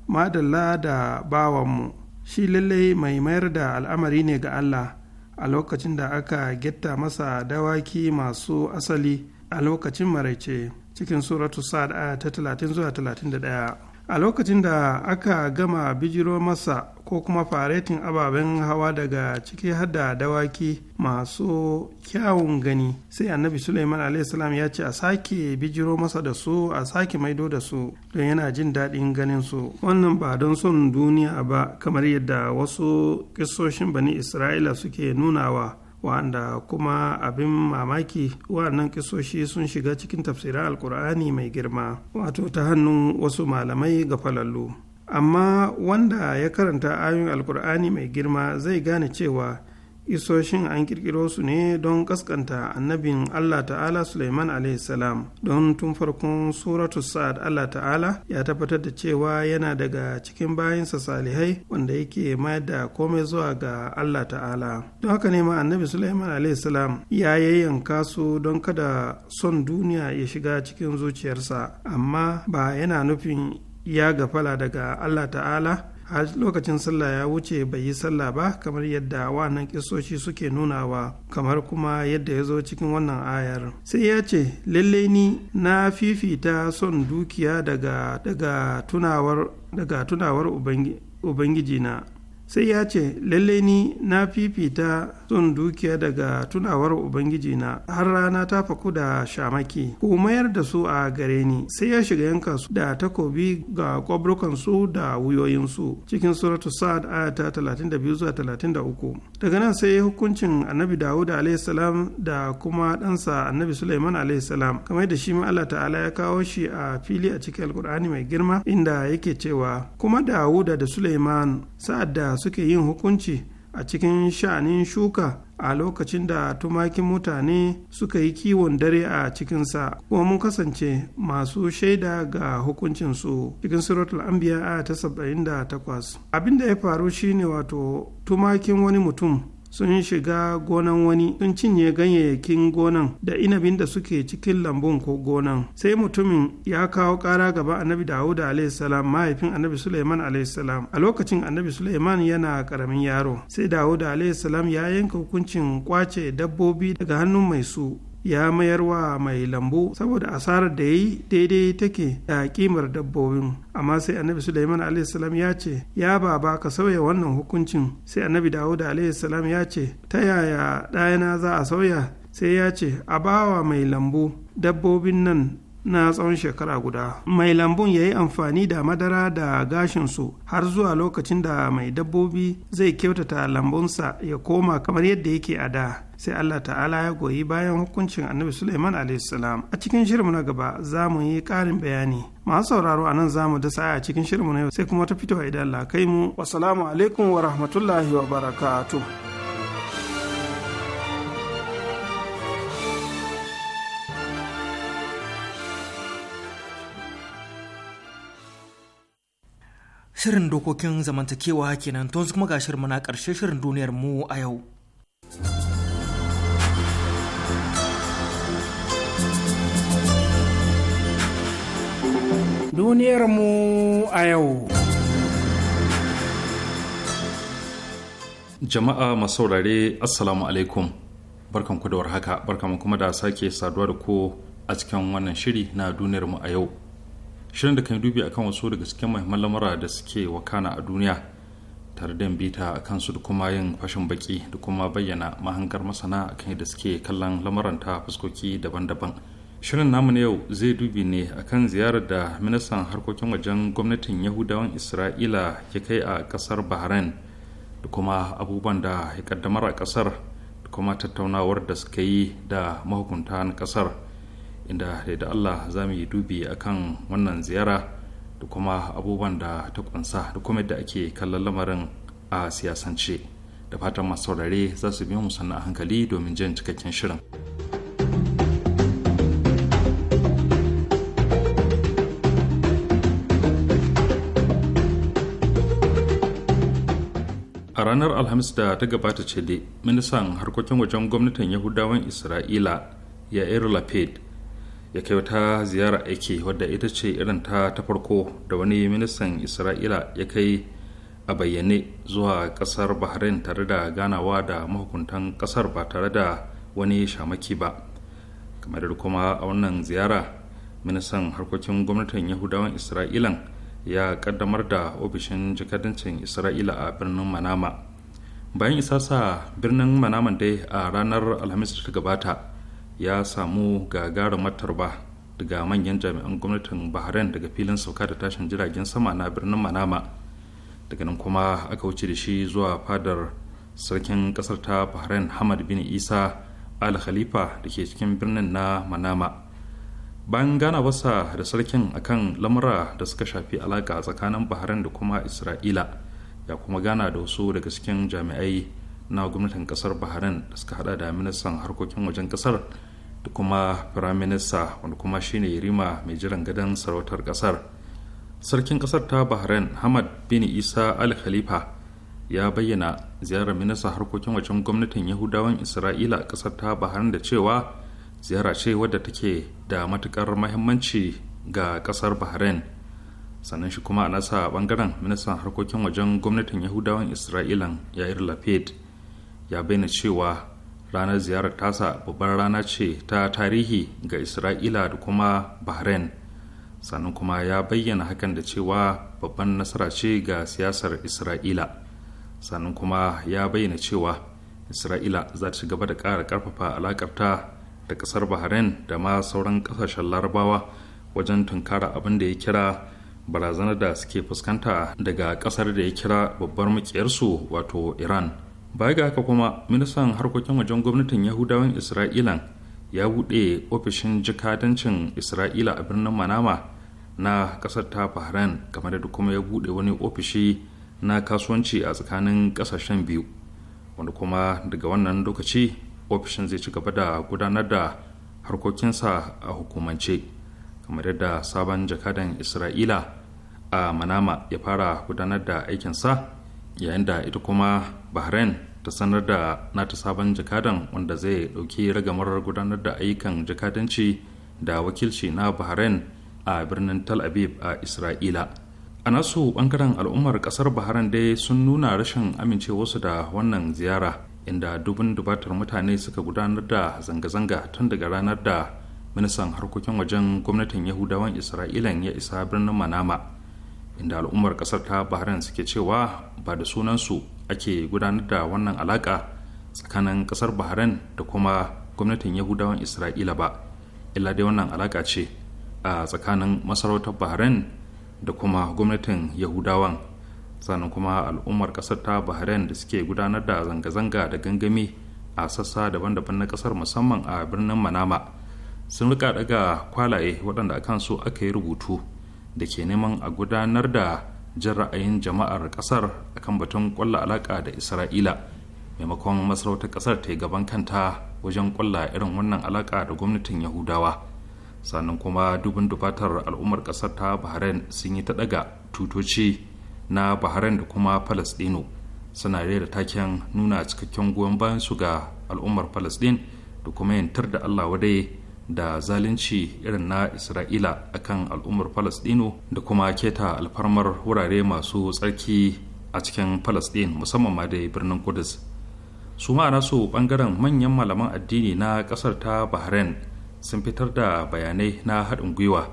Speaker 11: madalla da bawanmu shi lallai mai mayar da al'amari ne ga allah a lokacin da aka getta masa dawaki masu asali a lokacin maraice cikin suratu sa'ad ta 30 zuwa 31 a lokacin da aka gama bijiro masa ko kuma faretin ababen hawa daga ciki da dawaki masu kyawun gani sai annabi suleiman salam ya ce a sake bijiro masa da su a sake maido da su don yana jin daɗin ganin su wannan ba don son duniya ba kamar yadda wasu kisoshin bani isra'ila suke nunawa wa'anda kuma abin mamaki wa'annan kisoshi sun shiga cikin tafsirin alkur'ani mai girma wato ta hannun wasu malamai ga falallu amma wanda ya karanta ayoyin alkur'ani mai girma zai gane cewa isoshin an kirkiro su ne don kaskanta annabin Allah ta'ala Suleiman salam don tun farkon suratu sa'ad Allah ta'ala ya tabbatar da cewa yana daga cikin bayansa salihai wanda yake mayar da komai zuwa ga Allah ta'ala don haka ne ma annabi Suleiman salam ya yayyanka su don kada son duniya ya shiga cikin zuciyarsa amma ba yana nufin ya gafala daga Allah ta'ala a lokacin sallah ya wuce bai yi sallah ba kamar yadda wannan kisoshi suke nunawa kamar kuma yadda ya zo cikin wannan ayar sai ya ce lalle ni na fifita son dukiya daga tunawar daga tunawar ubangijina sai ya ce lalle ni na fifita sun dukiya daga tunawar ubangiji na har rana ta faku da shamaki ku mayar da su a gare ni sai ya shiga yanka su da takobi ga kwabrukan su da wuyoyin su cikin suratu sa'ad aya ta 32 zuwa 33 daga nan sai hukuncin annabi dawud alaihi salam da kuma ɗansa annabi suleiman alaihi salam kamar da shi ma Allah ta'ala ya kawo shi a fili a cikin alkur'ani mai girma inda yake cewa kuma dawuda da suleiman sa'ad da A suke yin hukunci a cikin sha'anin shuka a lokacin da tumakin mutane suka yi kiwon dare a cikinsa kuma mun kasance masu shaida ga hukuncinsu cikin suratul anbiya a ta 78 abin da ya faru shine wato tumakin wani mutum sun shiga gonan wani sun cinye ganyayyakin gonan da inabin da suke cikin lambun ko gonan sai mutumin ya kawo kara gaba annabi dawuda alaihissalam mahaifin annabi suleiman alaihissalam a lokacin annabi suleiman yana karamin yaro sai dawuda alaihissalam ya yanka hukuncin kwace dabbobi daga hannun mai su ya mayar wa mai lambu saboda asarar da ya yi daidai take da kimar dabbobin amma sai annabi suleiman alaihissalam ya ce ya baba ka sauya wannan hukuncin sai annabi dawuda alaihissalam ya ce ta yaya ɗayana za a sauya sai ya ce a bawa mai lambu dabbobin nan na tsawon shekara guda mai lambun ya yi amfani da madara da gashinsu har zuwa lokacin da mai dabbobi zai kyautata lambunsa ya koma kamar yadda yake a da sai Allah ta'ala ya goyi bayan hukuncin annabi Suleiman alaihissalam a cikin shirinmu na gaba za mu yi ƙarin bayani masu sauraro a nan za mu da sa'a a cikin shirinmu na yau sai kuma ta fitowa idan Allah kai mu wasalamu alaikum wa rahmatullahi wa barakatu.
Speaker 1: Shirin dokokin zamantakewa kenan tun kuma ga shirin na karshe shirin duniyar mu a yau. Duniyar mu
Speaker 11: a yau.
Speaker 3: Jama'a masaurare Assalamu alaikum. Barkanku da haka barkanku kuma da sake saduwa da ku a cikin wannan shiri na duniyar mu a yau. shirin da kan dubi akan wasu daga cikin mahimman lamura da suke wakana a duniya tare da bita a kansu da kuma yin fashin baki da kuma bayyana mahangar masana a kan yadda suke kallon lamuran ta fuskoki daban-daban shirin namu na yau zai dubi ne akan ziyarar da ministan harkokin wajen gwamnatin yahudawan isra'ila ya kai a kasar bahrain da kuma abubuwan da ya kaddamar a kasar da kuma tattaunawar da suka yi da mahukunta na kasar inda da Allah za mu yi dubi a kan wannan ziyara da kuma abubuwan da ta kunsa da kuma yadda ake kallon lamarin a siyasance da fatan masu saurare za su biyo mu a hankali domin jin cikakken shirin. a ranar alhamis da ta gabata ce da ministan harkokin wajen gwamnatin yahudawan isra'ila yair lapid ya kai wata ziyara aiki wadda ita ce irin ta ta farko da wani ministan isra'ila ya kai a bayyane zuwa kasar bahrain tare da ganawa da mahukuntan kasar ba tare da wani shamaki ba kamar da kuma a wannan ziyara ministan harkokin gwamnatin yahudawan isra'ilan ya kaddamar da ofishin jikadancin isra'ila a birnin manama bayan isa sa birnin manaman dai a ranar alhamis da ta gabata ya samu gagarumar ba daga manyan jami'an gwamnatin bahrain daga filin sauka da tashin jiragen sama na birnin manama daga nan kuma aka wuce da shi zuwa fadar sarkin kasar ta bahrain hamad bin isa al khalifa da ke cikin birnin na manama bayan wasa da sarkin akan lamura da suka shafi alaka tsakanin bahrain da kuma isra'ila ya kuma gana da wasu daga cikin jami'ai na gwamnatin kasar bahrain da suka hada da ministan harkokin wajen kasar da kuma firaminista wanda kuma shine rima mai jiran gadon sarautar kasar sarkin kasar ta bahrain hamad bin isa al khalifa ya bayyana ziyarar minista harkokin wajen gwamnatin yahudawan isra'ila a kasar ta bahrain da cewa ziyara ce wadda take da matukar mahimmanci ga kasar bahrain sannan shi kuma a nasa bangaren ministan harkokin wajen gwamnatin yahudawan isra'ilan yair lapid ya bayyana cewa ranar ziyarar tasa babbar rana ce ta tarihi ga isra'ila da kuma bahrain sannan kuma ya bayyana hakan da cewa babban nasara ce ga siyasar isra'ila sannan kuma ya bayyana cewa isra'ila za ta gaba da ƙara ƙarfafa alaƙarta da ƙasar bahrain da ma sauran ƙasashen larabawa wajen tunkara abin da ya kira barazanar da suke fuskanta daga ƙasar da ya kira babbar makiyarsu wato iran baya ga haka kuma ministan harkokin wajen gwamnatin yahudawan isra'ilan ya buɗe ofishin jikadancin isra'ila a birnin manama na ƙasar ta bahrain kamar da kuma ya buɗe wani ofishi na kasuwanci a tsakanin ƙasashen biyu wanda kuma daga wannan lokaci ofishin zai ci gaba da gudanar da harkokinsa a hukumance kamar yadda sabon jakadan isra'ila a manama ya fara gudanar da aikinsa yayin da ita kuma bahrain ta sanar da nata sabon jakadan wanda zai dauki ragamar gudanar da ayyukan jakadanci da wakilci na bahrain a birnin tal aviv a isra'ila a nasu bangaren al'ummar kasar bahrain dai sun nuna rashin amincewarsu da wannan ziyara inda dubin dubatar mutane suka gudanar da zanga-zanga tun daga ranar da ministan harkokin wajen gwamnatin yahudawan isra'ilan ya isa birnin manama inda al'ummar kasar ta bahrain suke cewa ba da sunansu ake gudanar da wannan alaƙa tsakanin ƙasar bahrain da kuma gwamnatin yahudawan isra'ila ba illa dai wannan alaƙa ce a tsakanin masarautar bahrain da kuma gwamnatin yahudawan sannan kuma al'ummar ƙasar ta bahrain da suke gudanar da zanga-zanga da gangami a sassa daban-daban na ƙasar musamman a birnin manama sun rika daga kwalaye waɗanda a kansu aka yi rubutu da ke neman a gudanar da jin ra'ayin jama'ar kasar kan batun kwallo alaka da isra'ila maimakon masarautar kasar ta yi gaban kanta wajen kwallo irin wannan alaka da gwamnatin yahudawa sannan kuma dubin dubatar al'ummar kasar ta bahrain sun yi ta daga tutoci na bahrain da kuma palestino suna da taken nuna cikakken goyon bayan su ga al'ummar palestine da kuma yantar da allah wadai da zalunci irin na isra'ila akan al'ummar palestino da kuma keta alfarmar wurare masu tsarki a cikin palestine musamman ma da birnin kudus su ma'ana su bangaren manyan malaman addini na kasar ta bahrain sun fitar da bayanai na haɗin gwiwa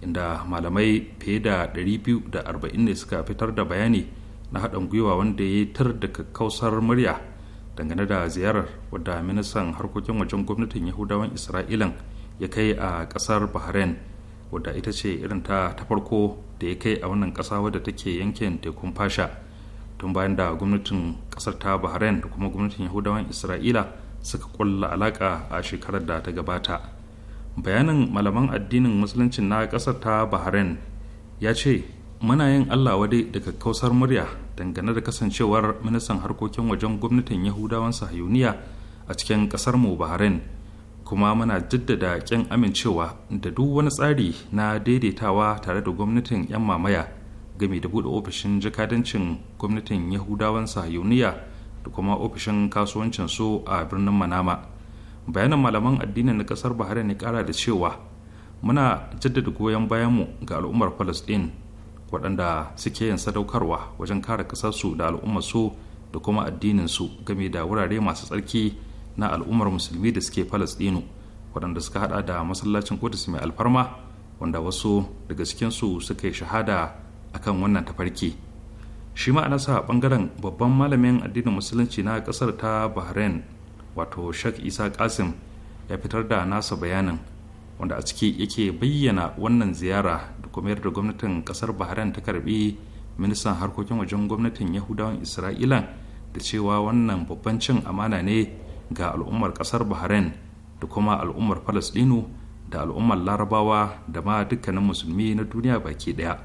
Speaker 3: inda malamai fiye da 240 ne suka fitar da bayani na haɗin gwiwa wanda ya tar da kakkausar murya dangane da ziyarar wadda ministan harkokin wajen gwamnatin yahudawan isra'ilan ya kai a kasar bahrain wadda ita ce irin ta ta farko da ya kai a wannan kasa wadda take yankin tekun fasha tun bayan da gwamnatin kasar ta bahrain da kuma gwamnatin yahudawan isra'ila suka kulla alaka a shekarar da ta gabata bayanin malaman addinin musuluncin na kasar ta bahrain ya ce muna yin allah wadai daga kausar murya dangane da kasancewar ministan harkokin wajen gwamnatin yahudawan sahayuniya a cikin kasar mu bahrain kuma muna jaddada kyan amincewa da duk wani tsari na daidaitawa tare da gwamnatin 'yan mamaya game da buɗe ofishin jakadancin gwamnatin yahudawan sahayuniya da kuma ofishin kasuwancin su a birnin manama bayanan malaman addinin na ƙasar bahrain ya kara da cewa muna jaddada goyon bayanmu ga al'ummar palestine waɗanda suke yin sadaukarwa wajen kare kasarsu da al'ummarsu da kuma addininsu game da wurare masu tsarki na al'ummar musulmi da suke falastinu waɗanda suka hada da masallacin kudus mai alfarma wanda wasu daga cikinsu suka yi shahada a kan wannan tafarki shi ma sa ɓangaren babban malamin addinin musulunci na ƙasar ta bahrain wato shak isa kasim ya fitar da nasa bayanin wanda a ciki yake bayyana wannan ziyara kuma da gwamnatin kasar bahrain ta karbi ministan harkokin wajen gwamnatin yahudawan isra'ila da cewa wannan babban cin amana ne ga al'ummar kasar bahrain da kuma al'ummar palestino da al'ummar larabawa da ma dukkanin musulmi na duniya baki daya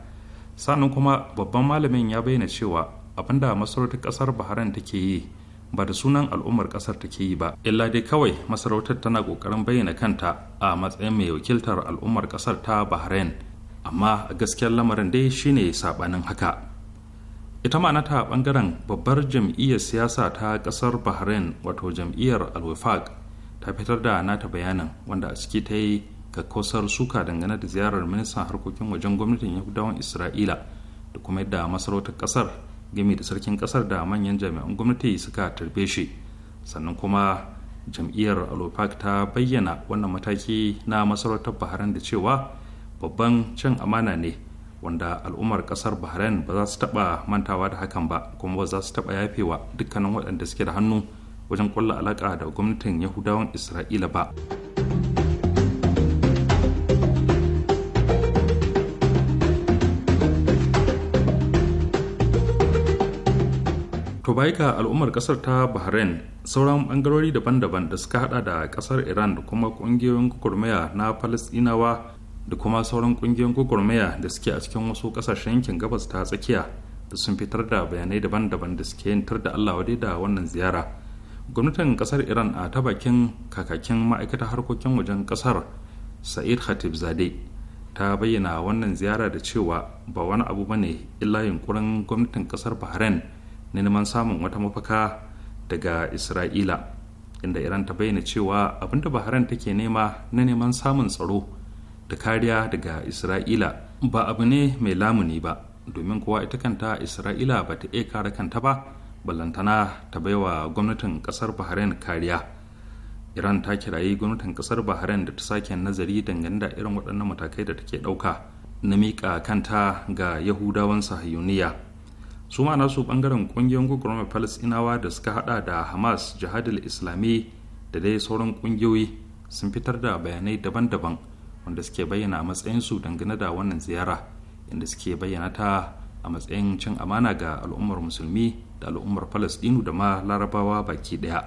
Speaker 3: sannan kuma babban malamin ya bayyana cewa abinda masarautar kasar bahrain take yi ba da sunan al'ummar kasar take yi ba illa dai kawai masarautar tana kokarin bayyana kanta a matsayin mai wakiltar al'ummar kasar ta bahrain amma gaskiyar lamarin dai shine sabanin haka ita ma ta bangaren babbar jam'iyyar siyasa ta kasar bahrain wato jam'iyyar alwifaq ta fitar da nata bayanin wanda a ciki ta yi kakkausar suka dangane da ziyarar ministan harkokin wajen gwamnatin yahudawan isra'ila da kuma yadda masarautar kasar gami da sarkin kasar da manyan jami'an gwamnati suka tarbe shi sannan kuma jam'iyyar alofak ta bayyana wannan mataki na masarautar bahrain da cewa babban cin amana ne wanda al'ummar kasar bahrain ba za su taba mantawa da hakan ba kuma ba za su taba yafewa dukkanin waɗanda suke da hannu wajen kulla alaƙa da gwamnatin yahudawan isra'ila ba to bai ka al'ummar kasar ta bahrain sauran bangarori daban-daban da suka hada da kasar iran da kuma kungiyoyin kukurmaya na falasdinawa da kuma sauran kungiyoyin gwagwarmaya da suke a cikin wasu kasashen yankin gabas ta tsakiya da sun fitar da bayanai daban-daban da suke yantar da allah wadai da wannan ziyara gwamnatin kasar iran a ta bakin kakakin ma'aikatar harkokin wajen kasar sa'id khatib zade ta bayyana wannan ziyara da cewa ba wani abu bane illa yunkurin gwamnatin kasar bahrain na neman samun wata mafaka daga isra'ila inda iran ta bayyana cewa abinda bahrain take nema na neman samun tsaro da kariya daga isra'ila ba abu ne mai lamuni ba domin kowa ita kanta isra'ila ba ta iya kare kanta ba ballantana ta baiwa gwamnatin kasar bahrain kariya iran ta kirayi gwamnatin kasar bahrain da ta sake nazari dangane da irin waɗannan matakai da take ɗauka na miƙa kanta ga yahudawan sahiyuniya su ma nasu ɓangaren ƙungiyoyin gwagwarmar palestinawa da suka haɗa da hamas jihadil islami da dai sauran ƙungiyoyi sun fitar da bayanai daban-daban wanda suke bayyana a matsayinsu dangane da wannan ziyara inda suke bayyana ta a matsayin cin amana ga al'ummar musulmi da al'ummar falastinu da ma larabawa baki daya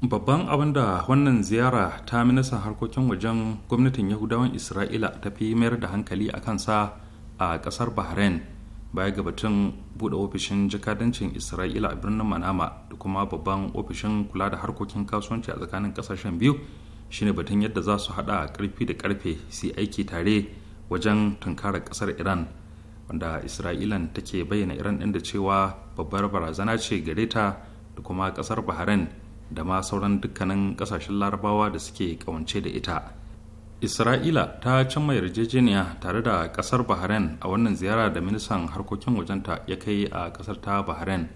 Speaker 3: babban abin da wannan ziyara ta ministan harkokin wajen gwamnatin yahudawan isra'ila ta fi mayar da hankali a kansa a kasar bahrain baya ga batun buɗe ofishin jakadancin isra'ila a birnin manama da kuma babban ofishin kula da harkokin kasuwanci a tsakanin ƙasashen biyu shine batun yadda za su haɗa karfi da karfe su aiki tare wajen tunkarar ƙasar iran wanda isra'ilan take bayyana iran din da cewa babbar barazana ce gare ta da kuma ƙasar bahrain da ma sauran dukkanin kasashen larabawa da suke kawance da ita isra'ila ta cimma yarjejeniya tare da ƙasar bahrain a wannan ziyara da ministan harkokin wajenta ya kai a ƙasar ta bahrain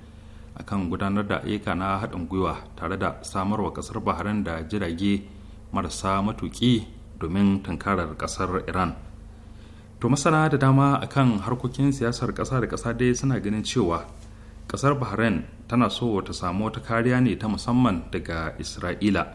Speaker 3: akan gudanar da ayyuka na haɗin gwiwa tare da samarwa ƙasar bahrain da jirage marasa matuƙi domin tankarar ƙasar iran to masana da dama akan harkokin siyasar ƙasa da ƙasa dai suna ganin cewa ƙasar bahrain tana so ta samu wata kariya ne ta musamman daga isra'ila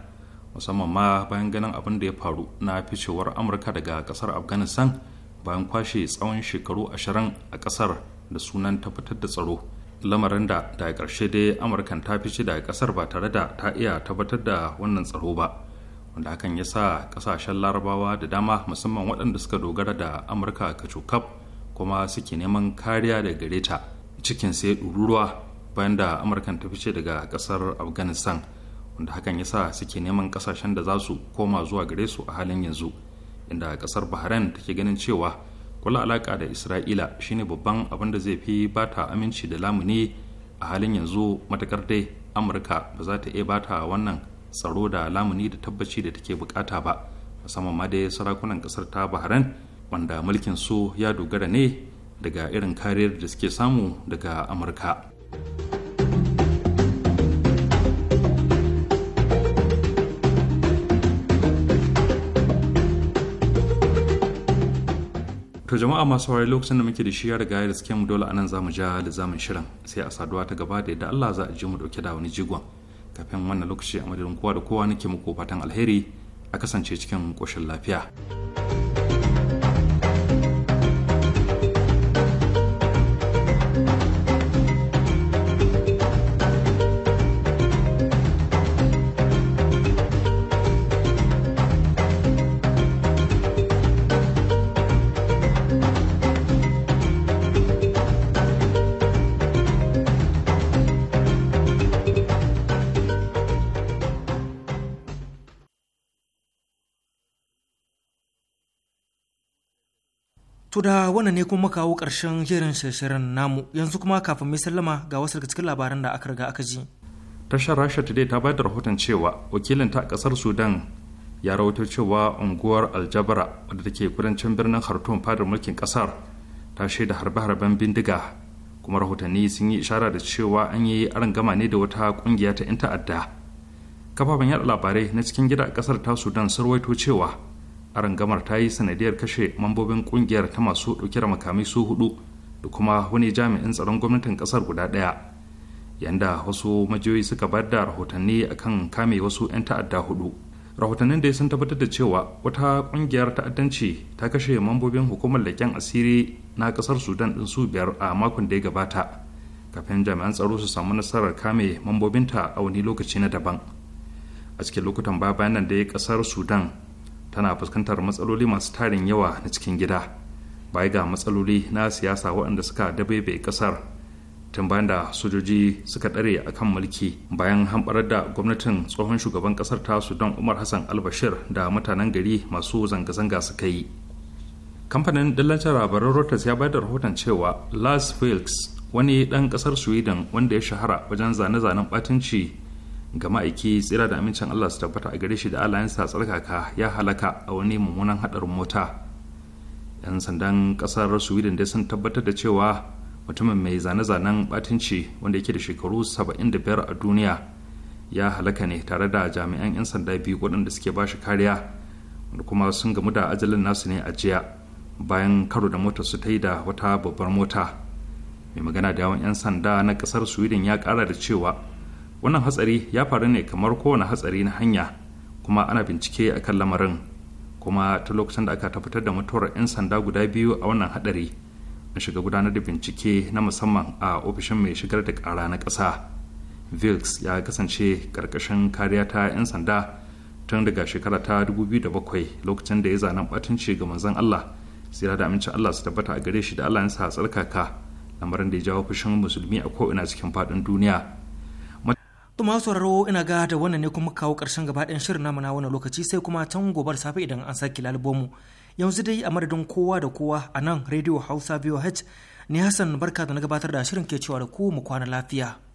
Speaker 3: musamman ma bayan ganin abin da ya faru na ficewar amurka daga ƙasar afghanistan bayan kwashe tsawon shekaru ashirin a ƙasar da sunan tabbatar da tsaro lamarin da daga ƙarshe dai amurkan ta fice daga ƙasar ba tare da ta iya tabbatar da wannan tsaro ba wanda hakan ya sa kasashen larabawa da dama musamman waɗanda suka dogara da amurka kaf. kuma suke neman kariya da gare ta cikin sai ɗururuwa bayan da amurkan ta fice daga ƙasar afghanistan wanda hakan ya sa suke neman ƙasashen da za su koma zuwa gare su a halin yanzu inda ƙasar bahrain take ganin cewa kula alaƙa da isra'ila shine babban abin da zai fi bata aminci da lamuni a halin yanzu matakar dai amurka ba za ta iya bata wannan tsaro da lamuni da tabbaci da take bukata ba musamman ma dai sarakunan kasar ta bahrain wanda mulkin su ya dogara ne daga irin kariyar da suke samu daga amurka to jama'a masu wari lokacin da muke da shi ya riga ya riske mu dole anan zamu ja da zamun shirin sai a saduwa ta gaba da yadda Allah za a ji mu dauke da wani jigon kafin wannan lokaci a madadin kowa da kowa nake muku fatan alheri a kasance cikin ƙoshin lafiya.
Speaker 1: To da wannan ne kuma kawo ƙarshen shirin shirin namu yanzu kuma kafin mai sallama ga wasu daga cikin labaran da aka riga aka ji.
Speaker 3: Tashar Rasha Today ta bayar da rahoton cewa wakilin ta kasar Sudan ya rawaito cewa unguwar Aljabara wadda take kudancin birnin Khartoum fadar mulkin ƙasar ta shaida harbe-harben bindiga kuma rahotanni sun yi ishara da cewa an yi gama ne da wata kungiya ta 'yan ta'adda. Kafafen yaɗa labarai na cikin gida a kasar ta Sudan sun rawaito cewa arangamar ta yi sanadiyar kashe mambobin kungiyar ta masu dauke da makamai su hudu da kuma wani jami'in tsaron gwamnatin kasar guda ɗaya yanda wasu majiyoyi suka bayar da rahotanni akan kame wasu 'yan ta'adda hudu rahotannin dai sun tabbatar da cewa wata kungiyar ta'addanci ta kashe mambobin hukumar leƙen asiri na kasar sudan din su biyar a makon da ya gabata kafin jami'an tsaro su samu nasarar kame mambobinta a wani lokaci na daban a cikin lokutan baya bayan nan dai kasar sudan tana fuskantar matsaloli masu tarin yawa na cikin gida baya ga matsaloli na siyasa waɗanda suka dabebe ƙasar tun bayan da sojoji suka ɗare a kan mulki bayan hamɓarar da gwamnatin tsohon shugaban ƙasar ta don umar hassan albashir da mutanen gari masu zanga-zanga suka yi kamfanin dillancin labaran reuters ya bayar da rahoton cewa las wilkes wani ɗan ƙasar sweden wanda ya shahara wajen zane-zanen ɓatanci ga ma'aiki tsira da amincin Allah su tabbata a gare shi da yansa tsarkaka ya halaka a wani mummunan hadarin mota yan sandan kasar sweden dai sun tabbatar da cewa mutumin mai zane-zanen batinci wanda yake da shekaru 75 a duniya ya halaka ne tare da jami'an 'yan sanda biyu waɗanda suke ba shi kariya wanda kuma sun gamu da ajalin nasu ne a jiya bayan karo da motar su ta yi da wata babbar mota mai magana da yawan 'yan sanda na kasar sweden ya kara da cewa wannan hatsari ya faru ne kamar kowane hatsari na hanya kuma ana bincike a kan lamarin kuma ta lokacin da aka tabbatar da mutuwar 'yan sanda guda biyu a wannan hadari na shiga gudanar da bincike na musamman a ofishin mai shigar da kara na ƙasa vilks ya kasance karkashin kariya ta 'yan sanda tun daga shekara ta 2007 lokacin da ya zana batunci ga manzon allah tsira da amincin allah su tabbata a gare shi da allah ya sa tsarkaka lamarin da ya jawo fushin musulmi a ko'ina cikin faɗin duniya To masu
Speaker 1: sauraro ina ga da wannan ne kuma kawo ƙarshen gaba ɗayan shirin namu na wannan lokaci sai kuma can gobe da safe idan an sake lalubomu. Yanzu dai a madadin kowa da kowa a nan Radio Hausa VOH ne Hassan barka da na gabatar da shirin ke cewa da ku mu kwana lafiya.